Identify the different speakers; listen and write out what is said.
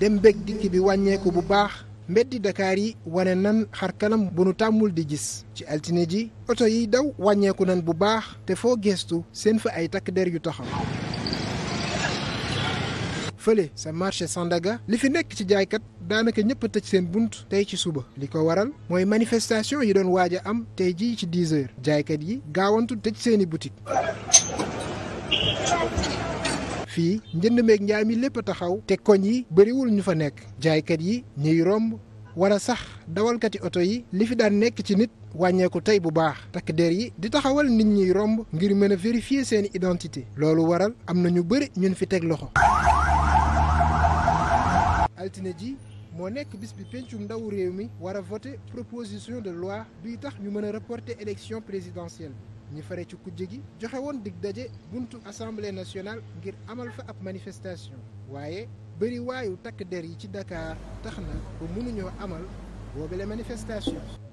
Speaker 1: dem bég dikk bi wàññeeku bu baax mbeddi Dakar yi wane nan xar kanam bu nu tàmmul di gis ci altine ji oto yiy daw wàññeeku nan bu baax te foo geestu seen fa ay takk yu taxaw fële sa marché Sandaga li fi nekk ci jaaykat daanaka ñëpp a tëj seen bunt tey ci suba li ko waral mooy manifestation yi doon waaja am tey jii ci 10 jaaykat yi gaawantu tëj seeni boutique fii njënd meeg njaay mi lépp a taxaw te koñ yi bëriwul ñu fa nekk jaaykat yi ñuy romb wala sax dawalkati oto yi li fi daan nekk ci nit wàññeeku tey bu baax takk der yi di taxawal nit ñiy romb ngir mën a vérifier seen identité loolu waral am na ñu bëri ñun fi teg loxo. altine ji moo nekk bis bi pencum ndawu réew mi war a voter proposition de loi biy tax ñu mën a reporter élection présidentielle. ñi fare ci kujje gi joxe woon dig daje buntu assemblée nationale ngir amal fa ab manifestation waaye bëri takk der yi ci Dakar tax na ba mënuñoo amal boobule manifestation